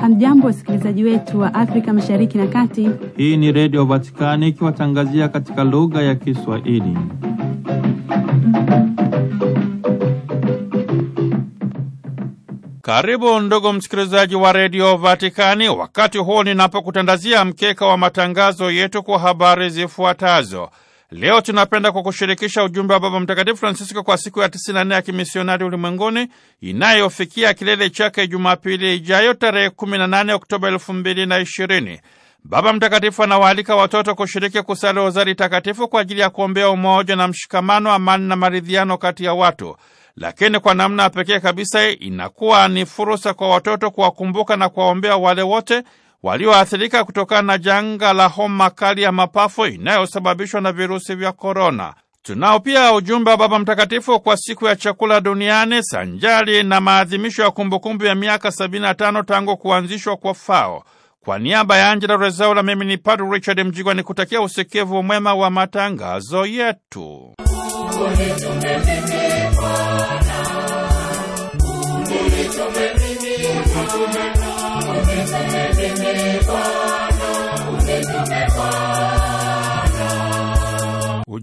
Hamjambo, wasikilizaji wetu wa Afrika Mashariki na Kati. Hii ni Redio Vatikani ikiwatangazia katika lugha ya Kiswahili. Karibu ndugu msikilizaji wa redio Vatikani, wakati huu ninapokutandazia mkeka wa matangazo yetu kwa habari zifuatazo. Leo tunapenda kwa kushirikisha ujumbe wa Baba Mtakatifu Francisco kwa siku ya 94 ya kimisionari ulimwenguni inayofikia kilele chake Jumapili ijayo tarehe 18 Oktoba 2020. Baba Mtakatifu anawaalika watoto kushiriki kusali rozari takatifu kwa ajili ya kuombea umoja na mshikamano, amani na maridhiano kati ya watu. Lakini kwa namna ya pekee kabisa inakuwa ni fursa kwa watoto kuwakumbuka na kuwaombea wale wote walioathirika kutokana na janga la homa kali ya mapafu inayosababishwa na virusi vya korona. Tunao pia ujumbe wa Baba Mtakatifu kwa siku ya chakula duniani sanjali na maadhimisho ya kumbukumbu ya miaka 75 tangu kuanzishwa kwa FAO. Kwa niaba ya Angela Rezaula, mimi ni Padre Richard Mjigwa ni kutakia usikivu mwema wa matangazo yetu tumetegemewa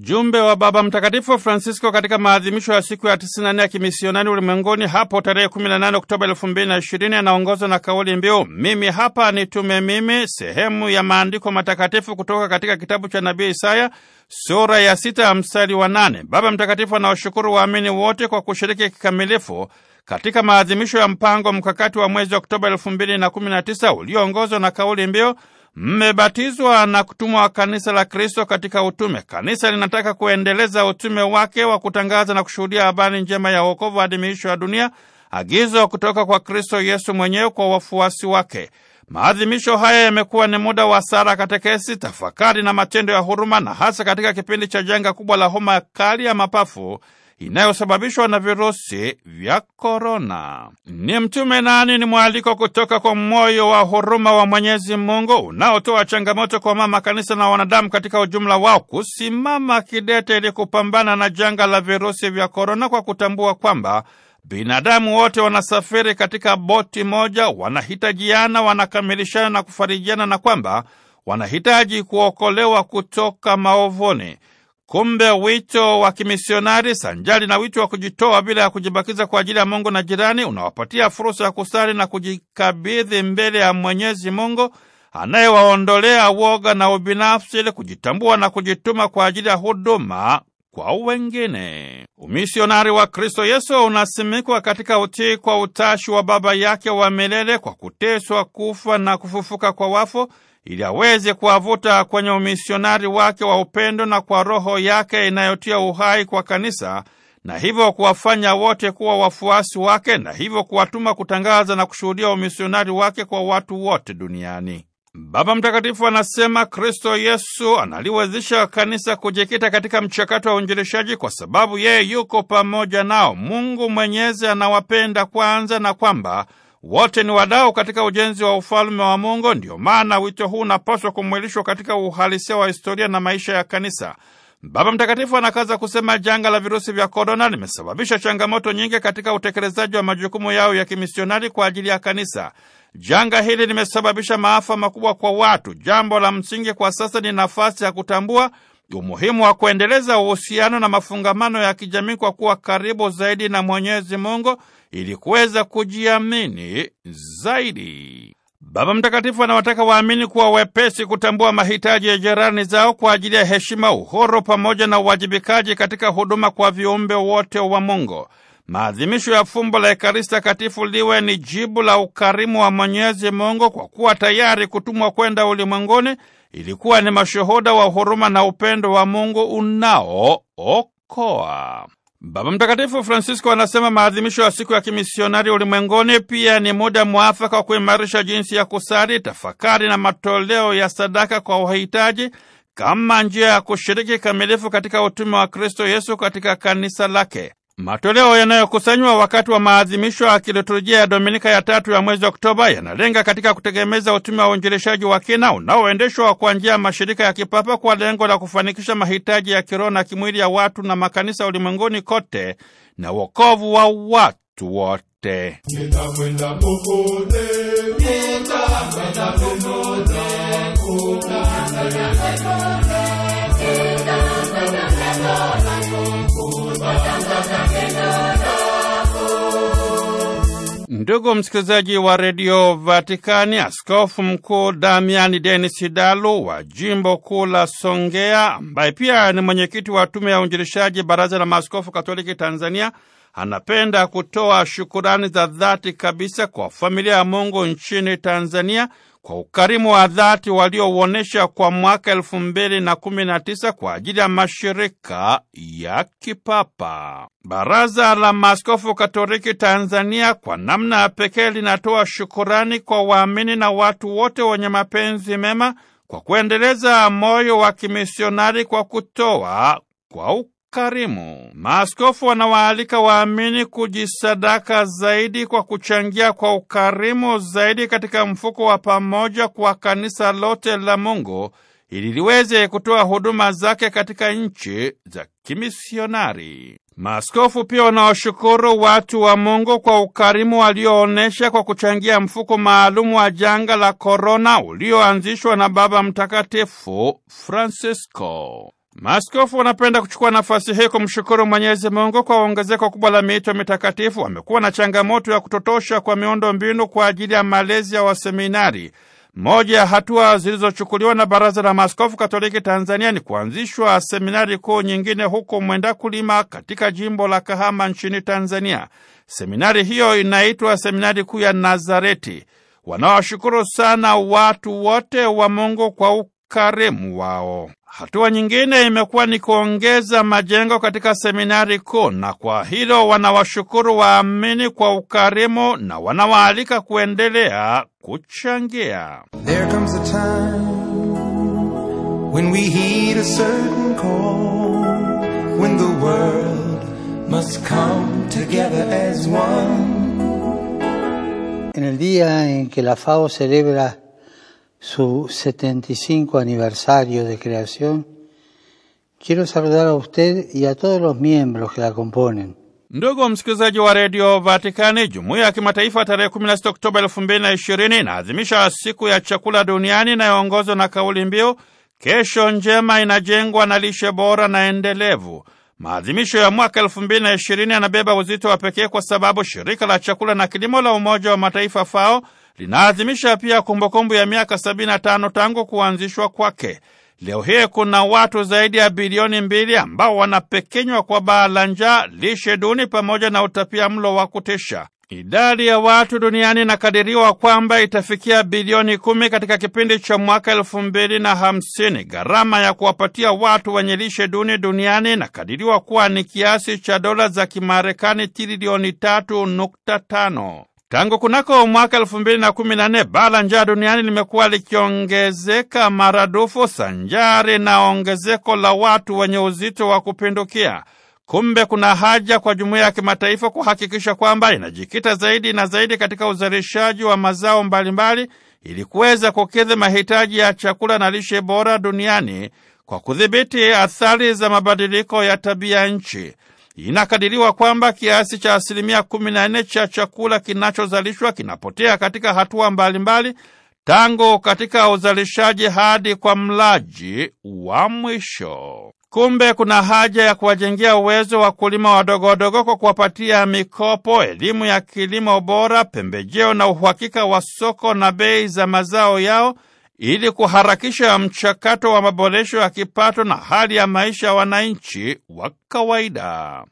Ujumbe wa Baba Mtakatifu Francisco katika maadhimisho ya siku ya 94 ya kimisionari ulimwenguni hapo tarehe 18 Oktoba 2020 anaongozwa na kauli mbiu mimi hapa nitume mimi, sehemu ya maandiko matakatifu kutoka katika kitabu cha nabii Isaya sura ya sita mstari wa nane. Baba Mtakatifu anawashukuru waamini wote kwa kushiriki kikamilifu katika maadhimisho ya mpango mkakati wa mwezi Oktoba 2019 ulioongozwa na kauli mbiu mmebatizwa na kutumwa kanisa la Kristo katika utume. Kanisa linataka kuendeleza utume wake wa kutangaza na kushuhudia habari njema ya wokovu hadi miisho ya dunia, agizo kutoka kwa Kristo Yesu mwenyewe kwa wafuasi wake. Maadhimisho haya yamekuwa ni muda wa sala, katekesi, tafakari na matendo ya huruma, na hasa katika kipindi cha janga kubwa la homa kali ya mapafu inayosababishwa na virusi vya korona. Ni mtume nani? Ni mwaliko kutoka kwa moyo wa huruma wa Mwenyezi Mungu unaotoa changamoto kwa mama kanisa na wanadamu katika ujumla wao kusimama kidete ili kupambana na janga la virusi vya korona kwa kutambua kwamba binadamu wote wanasafiri katika boti moja, wanahitajiana, wanakamilishana na kufarijiana, na kwamba wanahitaji kuokolewa kutoka maovoni. Kumbe wito wa kimisionari sanjali na wito wa kujitoa bila ya kujibakiza kwa ajili ya Mungu na jirani unawapatia fursa ya kusali na kujikabidhi mbele ya Mwenyezi Mungu anayewaondolea woga na ubinafsi ili kujitambua na kujituma kwa ajili ya huduma kwa wengine. Umisionari wa Kristo Yesu unasimikwa katika utii kwa utashi wa Baba yake wa milele kwa kuteswa, kufa na kufufuka kwa wafu ili aweze kuwavuta kwenye umisionari wake wa upendo na kwa roho yake inayotia uhai kwa kanisa na hivyo kuwafanya wote kuwa wafuasi wake na hivyo kuwatuma kutangaza na kushuhudia umisionari wake kwa watu wote duniani. Baba Mtakatifu anasema Kristo Yesu analiwezesha kanisa kujikita katika mchakato wa uinjilishaji kwa sababu yeye yuko pamoja nao. Mungu Mwenyezi anawapenda kwanza na kwamba wote ni wadau katika ujenzi wa ufalme wa Mungu. Ndiyo maana wito huu unapaswa kumwilishwa katika uhalisia wa historia na maisha ya kanisa. Baba Mtakatifu anakaza kusema, janga la virusi vya korona limesababisha changamoto nyingi katika utekelezaji wa majukumu yao ya kimisionari kwa ajili ya kanisa. Janga hili limesababisha maafa makubwa kwa watu. Jambo la msingi kwa sasa ni nafasi ya kutambua umuhimu wa kuendeleza uhusiano na mafungamano ya kijamii kwa kuwa karibu zaidi na Mwenyezi Mungu ili kuweza kujiamini zaidi. Baba Mtakatifu anawataka waamini kuwa wepesi kutambua mahitaji ya jirani zao kwa ajili ya heshima, uhuru pamoja na uwajibikaji katika huduma kwa viumbe wote wa Mungu. Maadhimisho ya fumbo la Ekaristi Takatifu liwe ni jibu la ukarimu wa Mwenyezi Mungu kwa kuwa tayari kutumwa kwenda ulimwenguni, ilikuwa ni mashuhuda wa huruma na upendo wa Mungu unaookoa. Baba Mtakatifu Francisco anasema maadhimisho ya siku ya kimisionari ulimwenguni pia ni muda mwafaka wa kuimarisha jinsi ya kusali, tafakari na matoleo ya sadaka kwa wahitaji kama njia ya kushiriki kamilifu katika utume wa Kristo Yesu katika kanisa lake. Matoleo yanayokusanywa wakati wa maadhimisho ya kiliturujia ya Dominika ya tatu ya mwezi Oktoba yanalenga katika kutegemeza utume wa uinjilishaji wa kina unaoendeshwa kwa njia ya mashirika ya kipapa kwa lengo la kufanikisha mahitaji ya kiroho na kimwili ya watu na makanisa ulimwenguni kote na wokovu wa watu wote. Ndugu msikilizaji wa redio Vatikani, askofu mkuu Damiani Denis Dalu wa jimbo kuu la Songea, ambaye pia ni mwenyekiti wa tume ya uinjilishaji baraza la maaskofu katoliki Tanzania, anapenda kutoa shukurani za dhati kabisa kwa familia ya Mungu nchini Tanzania kwa ukarimu wa dhati waliouonyesha kwa mwaka elfu mbili na kumi na tisa kwa ajili ya mashirika ya kipapa. Baraza la Maaskofu Katoliki Tanzania kwa namna ya pekee linatoa shukurani kwa waamini na watu wote wenye mapenzi mema kwa kuendeleza moyo wa kimisionari kwa kutoa kwa karimu. Maaskofu wanawaalika waamini kujisadaka zaidi kwa kuchangia kwa ukarimu zaidi katika mfuko wa pamoja kwa kanisa lote la Mungu ili liweze kutoa huduma zake katika nchi za kimisionari. Maaskofu pia wanaoshukuru watu wa Mungu kwa ukarimu walioonyesha kwa kuchangia mfuko maalumu wa janga la korona ulioanzishwa na Baba Mtakatifu Francisco. Maaskofu wanapenda kuchukua nafasi hii kumshukuru Mwenyezi Mungu kwa ongezeko kubwa la miito mitakatifu. Wamekuwa na changamoto ya kutotosha kwa miundo mbinu kwa ajili ya malezi ya waseminari. Moja ya hatua zilizochukuliwa na Baraza la Maaskofu Katoliki Tanzania ni kuanzishwa seminari kuu nyingine huko kulima katika jimbo la Kahama nchini Tanzania. Seminari hiyo inaitwa Seminari Kuu ya Nazareti. Wanawashukuru sana watu wote wa Mungu kwa ukarimu wao. Hatua nyingine imekuwa ni kuongeza majengo katika seminari kuu, na kwa hilo wanawashukuru waamini kwa ukarimu na wanawaalika kuendelea kuchangia. There comes a time when we heed a certain call, when the world must come together as one. En el día en que la FAO celebra su 75 aniversario de creación, quiero saludar a usted y a todos los miembros que la componen. Ndugu msikilizaji wa redio Vatikani, jumuiya ya kimataifa tarehe 16 Oktoba 2020 inaadhimisha siku ya chakula duniani inayoongozwa na kauli mbiu kesho njema inajengwa na lishe bora na endelevu. Maadhimisho ya mwaka 2020 yanabeba uzito wa pekee kwa sababu shirika la chakula na kilimo la Umoja wa Mataifa FAO linaadhimisha pia kumbukumbu ya miaka 75 tangu kuanzishwa kwake. Leo hii kuna watu zaidi ya bilioni mbili ambao wanapekenywa kwa baa la njaa, lishe duni pamoja na utapia mlo wa kutisha. Idadi ya watu duniani inakadiriwa kwamba itafikia bilioni kumi katika kipindi cha mwaka elfu mbili na hamsini. Gharama ya kuwapatia watu wenye lishe duni duniani inakadiriwa kuwa ni kiasi cha dola za Kimarekani trilioni tatu nukta tano. Tangu kunako mwaka elfu mbili na kumi na nne bala njaa duniani limekuwa likiongezeka maradufu sanjari na ongezeko la watu wenye uzito wa kupindukia. Kumbe kuna haja kwa jumuiya ya kimataifa kuhakikisha kwamba inajikita zaidi na zaidi katika uzalishaji wa mazao mbalimbali ili kuweza kukidhi mahitaji ya chakula na lishe bora duniani kwa kudhibiti athari za mabadiliko ya tabia nchi. Inakadiriwa kwamba kiasi cha asilimia kumi na nne cha chakula kinachozalishwa kinapotea katika hatua mbalimbali mbali, tangu katika uzalishaji hadi kwa mlaji wa mwisho. Kumbe kuna haja ya kuwajengea uwezo wakulima wadogo wadogo kwa kuwapatia mikopo, elimu ya kilimo bora, pembejeo na uhakika wa soko na bei za mazao yao ili kuharakisha mchakato wa maboresho ya kipato na hali ya maisha ya wananchi wa kawaida.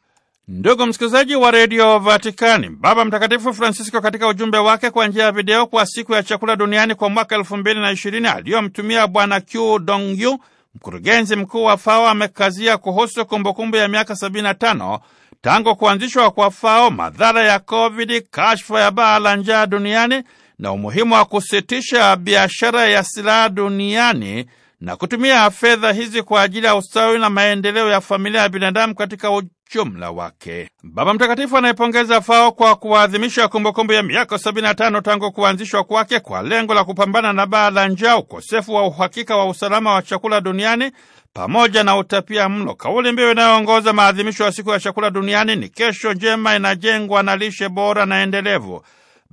Ndugu msikilizaji wa redio Vatikani, Baba Mtakatifu Francisco katika ujumbe wake kwa njia ya video kwa siku ya chakula duniani kwa mwaka elfu mbili na ishirini aliyomtumia Bwana Q Dongyu, mkurugenzi mkuu wa FAO, amekazia kuhusu kumbukumbu ya miaka 75 tangu kuanzishwa kwa FAO, madhara ya COVID, kashfa ya baa la njaa duniani na umuhimu wa kusitisha biashara ya silaha duniani na kutumia fedha hizi kwa ajili ya ustawi na maendeleo ya familia ya binadamu katika ujumla wake. Baba Mtakatifu anayepongeza FAO kwa kuwaadhimisha kumbukumbu ya miaka 75 tangu kuanzishwa kwake kwa lengo la kupambana na baa la njaa, ukosefu wa uhakika wa usalama wa chakula duniani pamoja na utapia mlo. Kauli mbiu inayoongoza maadhimisho ya siku ya chakula duniani ni kesho njema inajengwa na lishe bora na endelevu.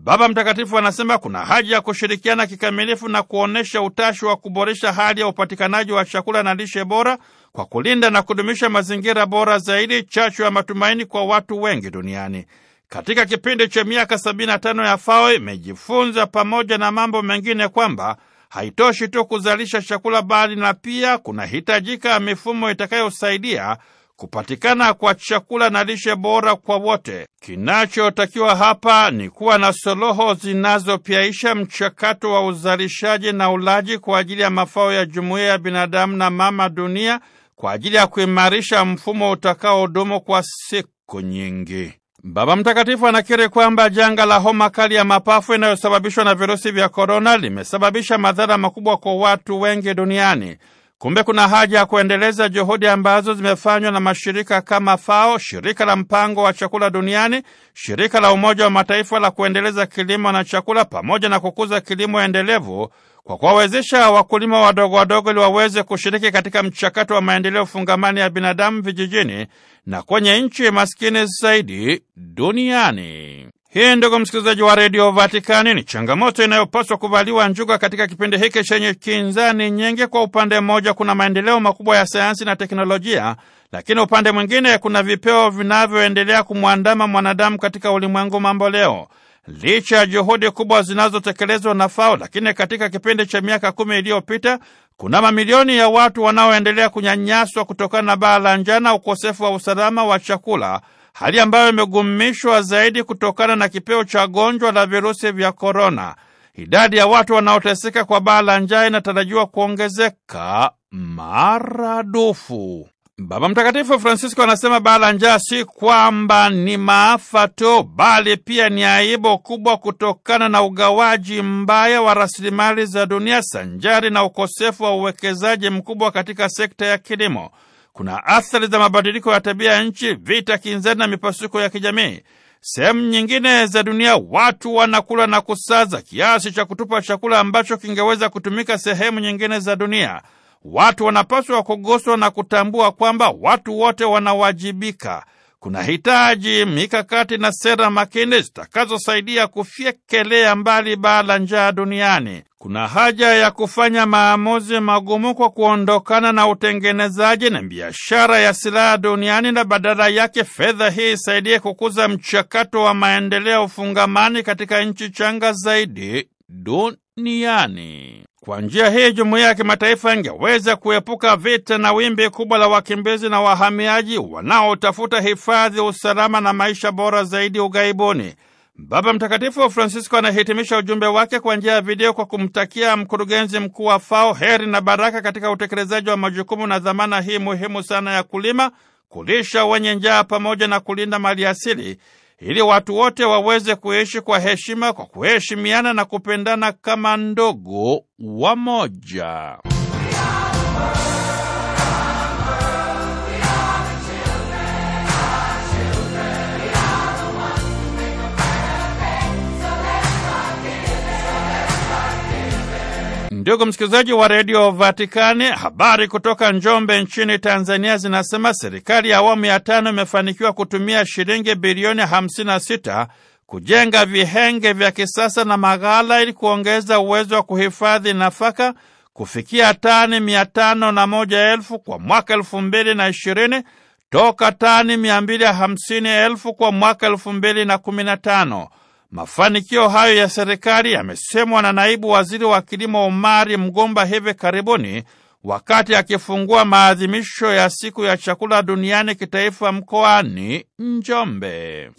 Baba Mtakatifu anasema kuna haja ya kushirikiana kikamilifu na kuonyesha utashi wa kuboresha hali ya upatikanaji wa chakula na lishe bora kwa kulinda na kudumisha mazingira bora zaidi, chachu ya matumaini kwa watu wengi duniani. Katika kipindi cha miaka 75 ya FAO imejifunza pamoja na mambo mengine kwamba haitoshi tu kuzalisha chakula, bali na pia kunahitajika mifumo itakayosaidia kupatikana kwa chakula na lishe bora kwa wote. Kinachotakiwa hapa ni kuwa na suluhu zinazopyaisha mchakato wa uzalishaji na ulaji kwa ajili ya mafao ya jumuiya ya binadamu na mama dunia kwa ajili ya kuimarisha mfumo utakaodumu kwa siku nyingi. Baba Mtakatifu anakiri kwamba janga la homa kali ya mapafu inayosababishwa na virusi vya korona limesababisha madhara makubwa kwa watu wengi duniani. Kumbe kuna haja ya kuendeleza juhudi ambazo zimefanywa na mashirika kama FAO, shirika la mpango wa chakula duniani, shirika la Umoja wa Mataifa la kuendeleza kilimo na chakula, pamoja na kukuza kilimo endelevu kwa kuwawezesha wakulima wadogo wadogo ili waweze kushiriki katika mchakato wa maendeleo fungamani ya binadamu vijijini na kwenye nchi maskini zaidi duniani. Hii, ndugu msikilizaji wa redio Vatikani, ni changamoto inayopaswa kuvaliwa njuga katika kipindi hiki chenye kinzani nyingi. Kwa upande mmoja, kuna maendeleo makubwa ya sayansi na teknolojia, lakini upande mwingine, kuna vipeo vinavyoendelea kumwandama mwanadamu katika ulimwengu mambo leo. Licha ya juhudi kubwa zinazotekelezwa na FAO, lakini katika kipindi cha miaka kumi iliyopita kuna mamilioni ya watu wanaoendelea kunyanyaswa kutokana na baa la njaa ukosefu wa usalama wa chakula hali ambayo imegumishwa zaidi kutokana na kipeo cha gonjwa la virusi vya korona. Idadi ya watu wanaoteseka kwa baa la njaa inatarajiwa kuongezeka maradufu. Baba Mtakatifu Francisco anasema baa la njaa si kwamba ni maafa tu, bali pia ni aibu kubwa kutokana na ugawaji mbaya wa rasilimali za dunia sanjari na ukosefu wa uwekezaji mkubwa katika sekta ya kilimo kuna athari za mabadiliko ya tabia ya nchi, vita kinzani na mipasuko ya kijamii. Sehemu nyingine za dunia watu wanakula na kusaza kiasi cha kutupa chakula ambacho kingeweza kutumika sehemu nyingine za dunia. Watu wanapaswa kuguswa na kutambua kwamba watu wote wanawajibika kuna hitaji mikakati na sera makini zitakazosaidia kufyekelea mbali baa la njaa duniani. Kuna haja ya kufanya maamuzi magumu kwa kuondokana na utengenezaji na biashara ya silaha duniani, na badala yake fedha hii isaidie kukuza mchakato wa maendeleo ufungamani katika nchi changa zaidi duniani duniani. Kwa njia hii jumuiya ya kimataifa ingeweza kuepuka vita na wimbi kubwa la wakimbizi na wahamiaji wanaotafuta hifadhi, usalama na maisha bora zaidi ughaibuni. Baba Mtakatifu Francisco anahitimisha ujumbe wake kwa njia ya video kwa kumtakia mkurugenzi mkuu wa FAO heri na baraka katika utekelezaji wa majukumu na dhamana hii muhimu sana ya kulima, kulisha wenye njaa pamoja na kulinda mali asili ili watu wote waweze kuishi kwa heshima kwa kuheshimiana na kupendana kama ndugu wamoja. Ndugu msikilizaji wa redio Vatikani, habari kutoka Njombe nchini Tanzania zinasema serikali ya awamu ya tano imefanikiwa kutumia shilingi bilioni 56 kujenga vihenge vya kisasa na maghala ili kuongeza uwezo wa kuhifadhi nafaka kufikia tani mia tano na moja elfu kwa mwaka elfu mbili na ishirini toka tani mia mbili hamsini elfu kwa mwaka elfu mbili na kumi na tano. Mafanikio hayo ya serikali yamesemwa na naibu waziri wa kilimo Omari Mgomba hivi karibuni wakati akifungua maadhimisho ya siku ya chakula duniani kitaifa mkoani Njombe.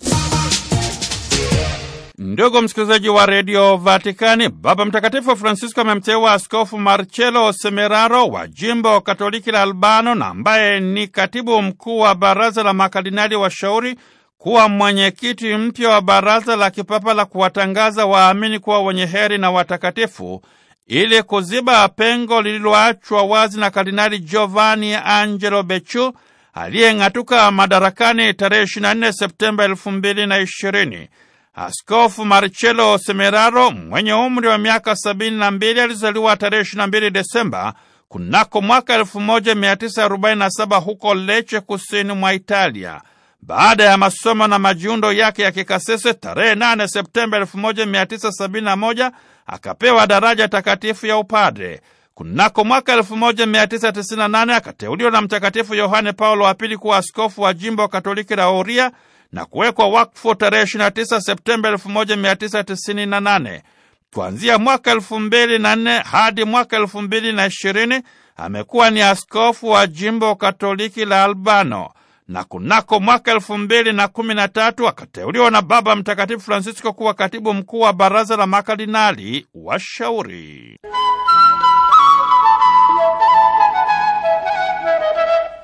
Ndugu msikilizaji wa redio Vatikani, Baba Mtakatifu Francisco amemteua Askofu Marcelo Semeraro wa jimbo Katoliki la Albano na ambaye ni katibu mkuu wa baraza la makardinali washauri kuwa mwenyekiti mpya wa Baraza la Kipapa la kuwatangaza waamini kuwa wenye heri na watakatifu ili kuziba pengo lililoachwa wazi na Kardinali Giovanni Angelo Becciu aliyeng'atuka madarakani tarehe 24 Septemba 2020. Askofu Marcello Semeraro mwenye umri wa miaka 72 alizaliwa tarehe 22 Desemba kunako mwaka 1947 huko Lecce, kusini mwa Italia baada ya masomo na majiundo yake ya kikasisi tarehe 8 Septemba 1971 akapewa daraja takatifu ya upadre. Kunako mwaka 1998 akateuliwa na Mtakatifu Yohane Paulo wa Pili kuwa askofu wa jimbo Katoliki la Oria na kuwekwa wakfu tarehe 29 Septemba 1998. Kuanzia mwaka nne hadi mwaka ishirini amekuwa ni askofu wa jimbo Katoliki la Albano na kunako mwaka elfu mbili na kumi na tatu akateuliwa na Baba Mtakatifu Francisco kuwa katibu mkuu wa baraza la makardinali washauri.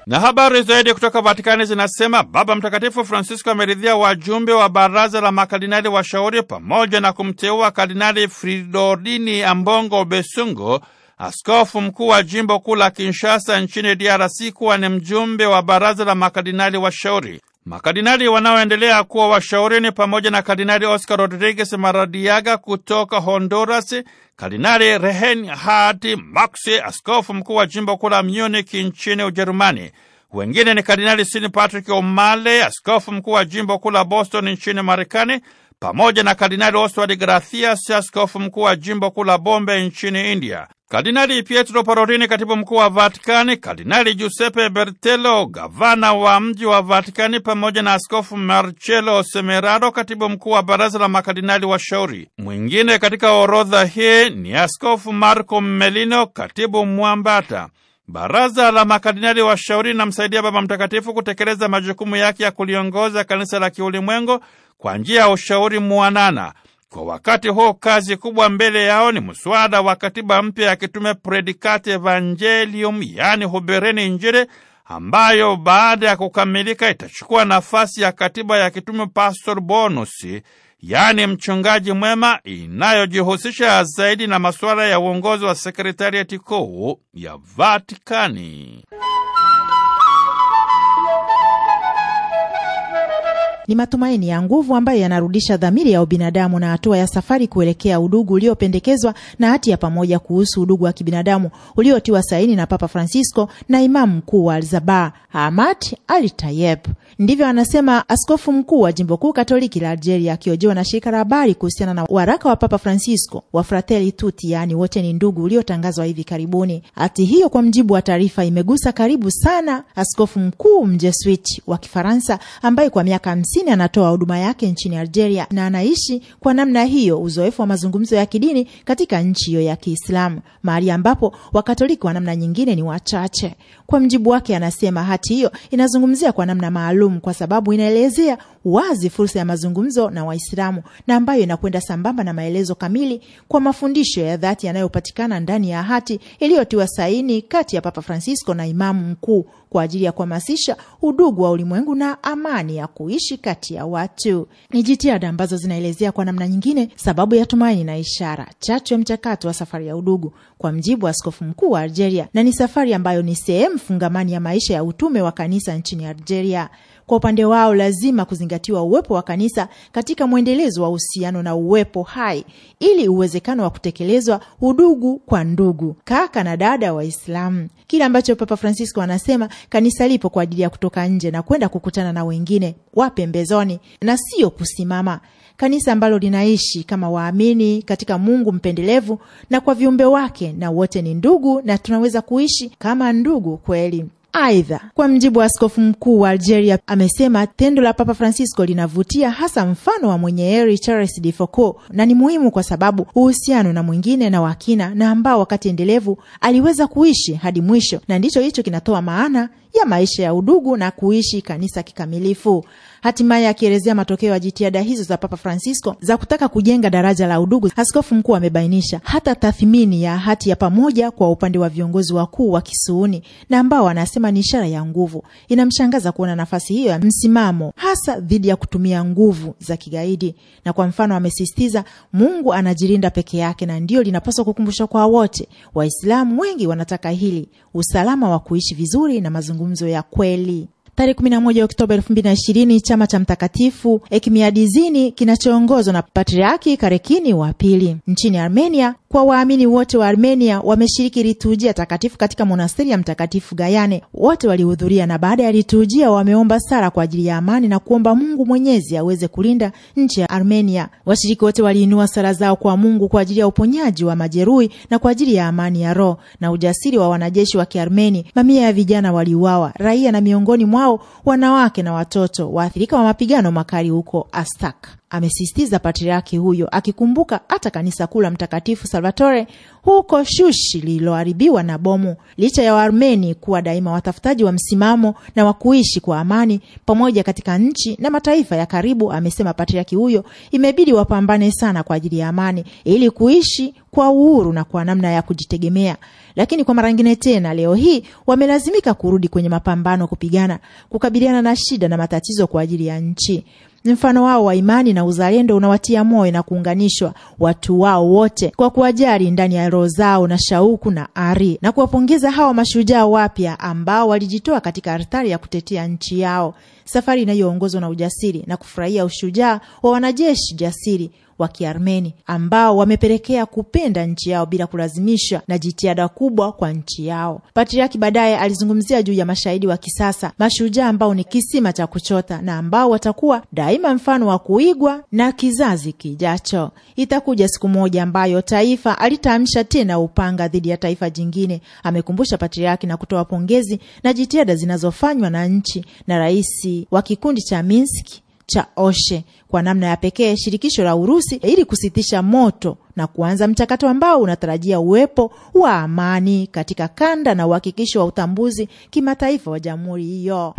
Na habari zaidi kutoka Vatikani zinasema Baba Mtakatifu Francisco ameridhia wajumbe wa baraza la makardinali washauri pamoja na kumteua Kardinali fridorini Ambongo Besungo Askofu mkuu wa jimbo kuu la Kinshasa nchini DRC kuwa ni mjumbe wa baraza la makardinali washauri. Makardinali wanaoendelea kuwa washauri ni pamoja na Kardinali Oscar Rodriguez Maradiaga kutoka Honduras, Kardinali Reinhard Marx, askofu mkuu wa jimbo kuu la Munich nchini Ujerumani. Wengine ni Kardinali Sean Patrick O'Malley, askofu mkuu wa jimbo kuu la Boston nchini Marekani, pamoja na Kardinali Oswald Gracias, askofu mkuu wa jimbo kuu la Bombe nchini India. Kardinali Pietro Parolini, katibu mkuu wa Vatikani, Kardinali Giuseppe Bertelo, gavana wa mji wa Vatikani, pamoja na Askofu Marcello Semeraro, katibu mkuu wa baraza la makardinali washauri. Mwingine katika orodha hii ni Askofu Marco Melino, katibu mwambata. Baraza la makardinali washauri linamsaidia Baba Mtakatifu kutekeleza majukumu yake ya kuliongoza kanisa la kiulimwengu kwa njia ya ushauri mwanana kwa wakati huu kazi kubwa mbele yao ni mswada wa katiba mpya ya kitume Predicate Evangelium, yaani hubereni Injili, ambayo baada ya kukamilika itachukua nafasi ya katiba ya kitume Pastor Bonus, yaani mchungaji mwema, inayojihusisha zaidi na masuala ya uongozi wa sekretariati kuu ya Vatikani. ni matumaini ya nguvu ambayo yanarudisha dhamiri ya ubinadamu na hatua ya safari kuelekea udugu uliopendekezwa na hati ya pamoja kuhusu udugu wa kibinadamu uliotiwa saini na Papa Francisco na Imamu Mkuu wa alzabar Ahmad al Tayeb. Ndivyo anasema askofu mkuu wa jimbo kuu katoliki la Algeria, akiojiwa na shirika la habari kuhusiana na waraka wa Papa Francisco wa Fratelli Tutti, yaani wote ni ndugu, uliotangazwa hivi karibuni. Hati hiyo, kwa mjibu wa taarifa, imegusa karibu sana askofu mkuu mjeswiti wa Kifaransa ambaye kwa miaka hamsini anatoa huduma yake nchini Algeria na anaishi kwa namna hiyo uzoefu wa mazungumzo ya kidini katika nchi hiyo ya Kiislamu, mahali ambapo Wakatoliki wa namna nyingine ni wachache. Kwa mjibu wake, anasema hati hiyo inazungumzia kwa namna maalum, kwa sababu inaelezea wazi fursa ya mazungumzo na Waislamu na ambayo inakwenda sambamba na maelezo kamili kwa mafundisho ya dhati yanayopatikana ndani ya hati iliyotiwa saini kati ya Papa Francisco na Imamu Mkuu kwa ajili ya kuhamasisha udugu wa ulimwengu na amani ya kuishi kati ya watu. Ni jitihada ambazo zinaelezea kwa namna nyingine sababu ya tumaini na ishara chachu ya mchakato wa safari ya udugu, kwa mjibu wa askofu mkuu wa Algeria, na ni safari ambayo ni sehemu fungamani ya maisha ya utume wa kanisa nchini Algeria. Kwa upande wao, lazima kuzingatiwa uwepo wa kanisa katika mwendelezo wa uhusiano na uwepo hai, ili uwezekano wa kutekelezwa udugu kwa ndugu, kaka na dada Waislamu, kile ambacho Papa Francisco anasema kanisa lipo kwa ajili ya kutoka nje na kwenda kukutana na wengine wa pembezoni na sio kusimama kanisa ambalo linaishi kama waamini katika Mungu mpendelevu na kwa viumbe wake, na wote ni ndugu na tunaweza kuishi kama ndugu kweli. Aidha, kwa mjibu wa askofu mkuu wa Algeria, amesema tendo la Papa Francisco linavutia hasa mfano wa Mwenyeheri Charles de Foucauld na ni muhimu kwa sababu uhusiano na mwingine na wakina na ambao wakati endelevu aliweza kuishi hadi mwisho, na ndicho hicho kinatoa maana ya maisha ya udugu na kuishi kanisa kikamilifu. Hatimaye akielezea matokeo ya jitihada hizo za Papa Francisco za kutaka kujenga daraja la udugu, askofu mkuu amebainisha hata tathmini ya hati ya pamoja kwa upande wa viongozi wakuu wa kisuuni na ambao anasema ni ishara ya nguvu. Inamshangaza kuona nafasi hiyo ya msimamo hasa dhidi ya kutumia nguvu za kigaidi, na kwa mfano amesisitiza Mungu anajilinda peke yake, na ndiyo linapaswa kukumbushwa kwa wote. Waislamu wengi wanataka hili, usalama wa kuishi vizuri na mazungumzo ya kweli. Tarehe 11 Oktoba 2020 chama cha Mtakatifu Ekimiadizini kinachoongozwa na Patriaki Karekini wa pili nchini Armenia kwa waamini wote wa Armenia wameshiriki liturujia takatifu katika monasteri ya Mtakatifu Gayane. Wote walihudhuria na baada ya liturujia wameomba sala kwa ajili ya amani na kuomba Mungu Mwenyezi aweze kulinda nchi ya Armenia. Washiriki wote waliinua sala zao kwa Mungu kwa ajili ya uponyaji wa majeruhi na kwa ajili ya amani ya roho na ujasiri wa wanajeshi wa Kiarmeni. Mamia ya vijana waliuawa, raia na miongoni mwao wanawake na watoto waathirika wa mapigano makali huko Astak amesisitiza patriaki huyo akikumbuka hata kanisa kuu la Mtakatifu Salvatore huko Shushi lililoharibiwa na bomu, licha ya Waarmeni kuwa daima watafutaji wa msimamo na wa kuishi kwa amani pamoja katika nchi na mataifa ya karibu. Amesema patriaki huyo imebidi wapambane sana kwa ajili ya amani ili kuishi kwa uhuru na kwa namna ya kujitegemea, lakini kwa mara nyingine tena leo hii wamelazimika kurudi kwenye mapambano, kupigana, kukabiliana na shida na matatizo kwa ajili ya nchi mfano wao wa imani na uzalendo unawatia moyo na kuunganishwa watu wao wote kwa kuwajali ndani ya roho zao na shauku na ari, na kuwapongeza hawa mashujaa wapya ambao walijitoa katika ardhari ya kutetea nchi yao, safari inayoongozwa na ujasiri na kufurahia ushujaa wa wanajeshi jasiri wa Kiarmeni ambao wamepelekea kupenda nchi yao bila kulazimisha na jitihada kubwa kwa nchi yao. Patriaki baadaye alizungumzia juu ya mashahidi wa kisasa, mashujaa ambao ni kisima cha kuchota na ambao watakuwa daima mfano wa kuigwa na kizazi kijacho. Itakuja siku moja ambayo taifa alitaamsha tena upanga dhidi ya taifa jingine, amekumbusha Patriaki na kutoa pongezi na jitihada zinazofanywa na nchi na rais wa kikundi cha Minski cha Oshe kwa namna ya pekee shirikisho la Urusi ili kusitisha moto na kuanza mchakato ambao unatarajia uwepo wa amani katika kanda na uhakikisho wa utambuzi kimataifa wa jamhuri hiyo.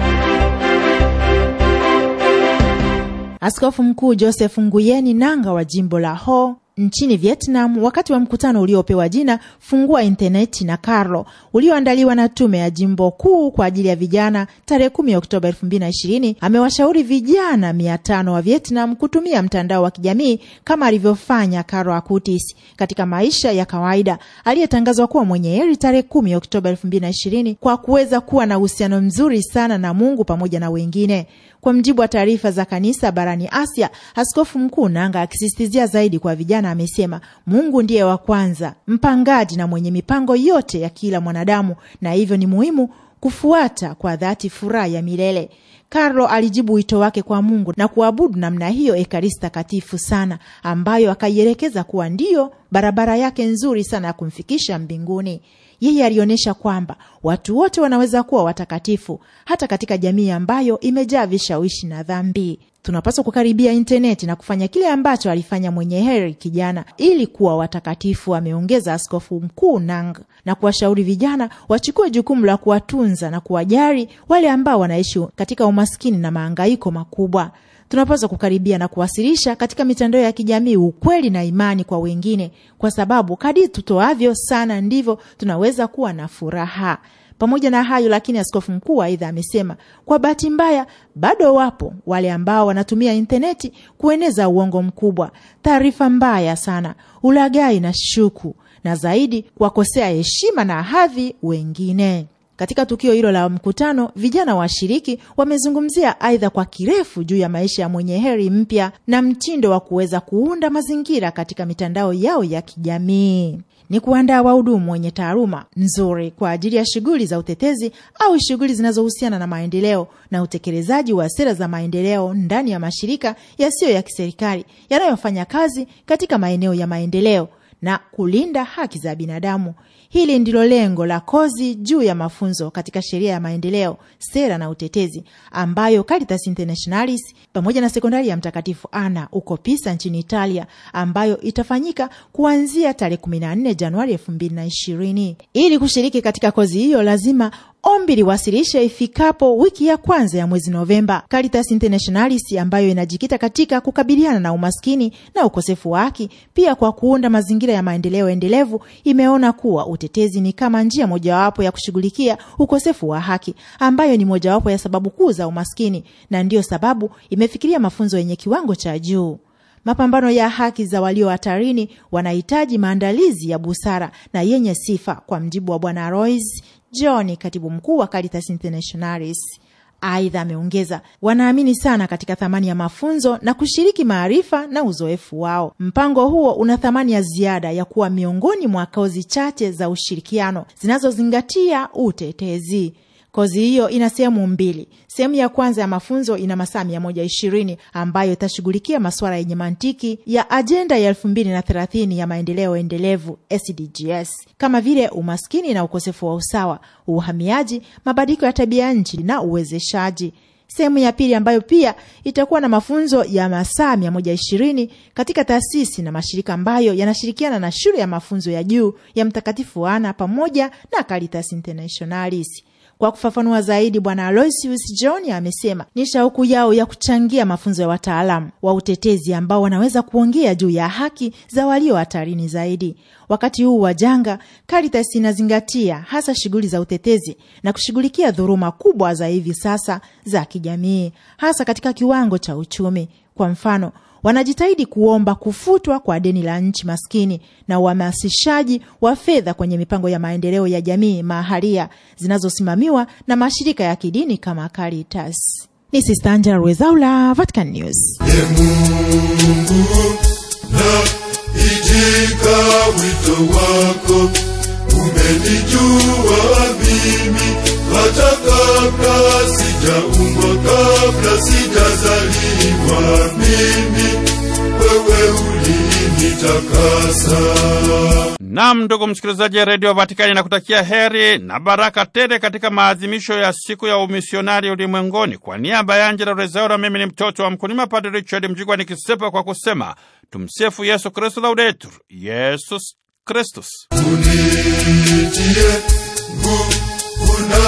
Askofu Mkuu Joseph Nguyeni Nanga wa jimbo la Ho nchini Vietnam wakati wa mkutano uliopewa jina fungua intaneti na Carlo ulioandaliwa na tume ya jimbo kuu kwa ajili ya vijana tarehe 10 Oktoba 2020, amewashauri vijana mia tano wa Vietnam kutumia mtandao wa kijamii kama alivyofanya Carlo Acutis katika maisha ya kawaida, aliyetangazwa kuwa mwenye heri tarehe 10 Oktoba 2020 kwa kuweza kuwa na uhusiano mzuri sana na Mungu pamoja na wengine. Kwa mjibu wa taarifa za kanisa barani Asia, askofu mkuu Nanga akisisitizia zaidi kwa vijana amesema, Mungu ndiye wa kwanza mpangaji na mwenye mipango yote ya kila mwanadamu, na hivyo ni muhimu kufuata kwa dhati furaha ya milele. Carlo alijibu wito wake kwa Mungu na kuabudu namna hiyo Ekaristi takatifu sana, ambayo akaielekeza kuwa ndiyo barabara yake nzuri sana ya kumfikisha mbinguni. Yeye alionyesha kwamba watu wote wanaweza kuwa watakatifu hata katika jamii ambayo imejaa vishawishi na dhambi. Tunapaswa kukaribia intaneti na kufanya kile ambacho alifanya mwenye heri kijana ili kuwa watakatifu, ameongeza Askofu Mkuu Nang, na kuwashauri vijana wachukue jukumu la kuwatunza na kuwajali wale ambao wanaishi katika umaskini na maangaiko makubwa tunapaswa kukaribia na kuwasilisha katika mitandao ya kijamii ukweli na imani kwa wengine, kwa sababu kadiri tutoavyo sana ndivyo tunaweza kuwa na furaha. Pamoja na hayo lakini, askofu mkuu aidha amesema kwa bahati mbaya bado wapo wale ambao wanatumia intaneti kueneza uongo mkubwa, taarifa mbaya sana, ulagai na shuku, na zaidi kuwakosea heshima na hadhi wengine. Katika tukio hilo la mkutano, vijana washiriki wamezungumzia aidha kwa kirefu juu ya maisha ya mwenye heri mpya na mtindo wa kuweza kuunda mazingira katika mitandao yao ya kijamii. Ni kuandaa wahudumu wenye taaluma nzuri kwa ajili ya shughuli za utetezi au shughuli zinazohusiana na maendeleo na utekelezaji wa sera za maendeleo ndani ya mashirika yasiyo ya kiserikali yanayofanya kazi katika maeneo ya maendeleo na kulinda haki za binadamu. Hili ndilo lengo la kozi juu ya mafunzo katika sheria ya maendeleo, sera na utetezi ambayo Caritas Internationalis pamoja na sekondari ya Mtakatifu Ana uko Pisa nchini Italia, ambayo itafanyika kuanzia tarehe 14 Januari 2020. Ili kushiriki katika kozi hiyo, lazima ombi liwasilishe ifikapo wiki ya kwanza ya mwezi Novemba. Caritas Internationalis ambayo inajikita katika kukabiliana na umaskini na ukosefu wa haki, pia kwa kuunda mazingira ya maendeleo endelevu, imeona kuwa utetezi ni kama njia mojawapo ya kushughulikia ukosefu wa haki, ambayo ni mojawapo ya sababu kuu za umaskini, na ndiyo sababu imefikiria mafunzo yenye kiwango cha juu. Mapambano ya haki za walio hatarini wanahitaji maandalizi ya busara na yenye sifa, kwa mjibu wa Bwana Rois John, katibu mkuu wa Caritas Internationalis, aidha ameongeza, wanaamini sana katika thamani ya mafunzo na kushiriki maarifa na uzoefu wao. Mpango huo una thamani ya ziada ya kuwa miongoni mwa kozi chache za ushirikiano zinazozingatia utetezi. Kozi hiyo ina sehemu mbili. Sehemu ya kwanza ya mafunzo ina masaa mia moja ishirini ambayo itashughulikia masuala yenye mantiki ya ajenda ya elfu mbili na thelathini ya maendeleo endelevu SDGs kama vile umaskini na ukosefu wa usawa, uhamiaji, mabadiliko ya tabia nchi na uwezeshaji. Sehemu ya pili ambayo pia itakuwa na mafunzo ya masaa mia moja ishirini katika taasisi na mashirika ambayo yanashirikiana na shule ya mafunzo ya juu ya Mtakatifu Ana pamoja na Caritas Internationalis. Kwa kufafanua zaidi, Bwana Aloysius John amesema ni shauku yao ya kuchangia mafunzo ya wataalamu wa utetezi ambao wanaweza kuongea juu ya haki za walio hatarini zaidi. Wakati huu wa janga, Caritas inazingatia hasa shughuli za utetezi na kushughulikia dhuruma kubwa za hivi sasa za kijamii, hasa katika kiwango cha uchumi. Kwa mfano wanajitahidi kuomba kufutwa kwa deni la nchi maskini na uhamasishaji wa fedha kwenye mipango ya maendeleo ya jamii maharia zinazosimamiwa na mashirika ya kidini kama Caritas. Ni Sista Angela Rwezaula, Vatican News. Mungu na ijika wito wako umenijua mimi hata kabla sijaumbwa, kabla sijazaliwa mimi wewe ulinitakasa. Naam, ndugu msikilizaji, redio Vatikani nakutakia heri na baraka tele katika maadhimisho ya siku ya umisionari ulimwengoni Kwa niaba ya Angela Rezaura, mimi ni mtoto wa mkulima Padre Richard Mjigwa nikisepa kwa kusema tumsifu Yesu Kristu, laudetur Yesus kristus unitie nguvuna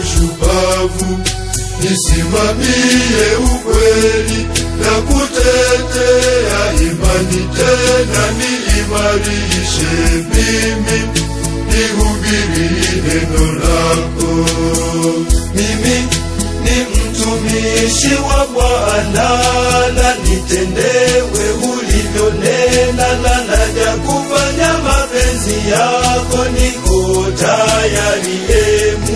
ushupavu nisimamie ukweli na kutetea imani tena niimarishe mimi nihubirie neno lako mimi ni mtumishi wa bwana na nitendewe ulivyone kupendana na ya kufanya mapenzi yako, niko tayari. Eh,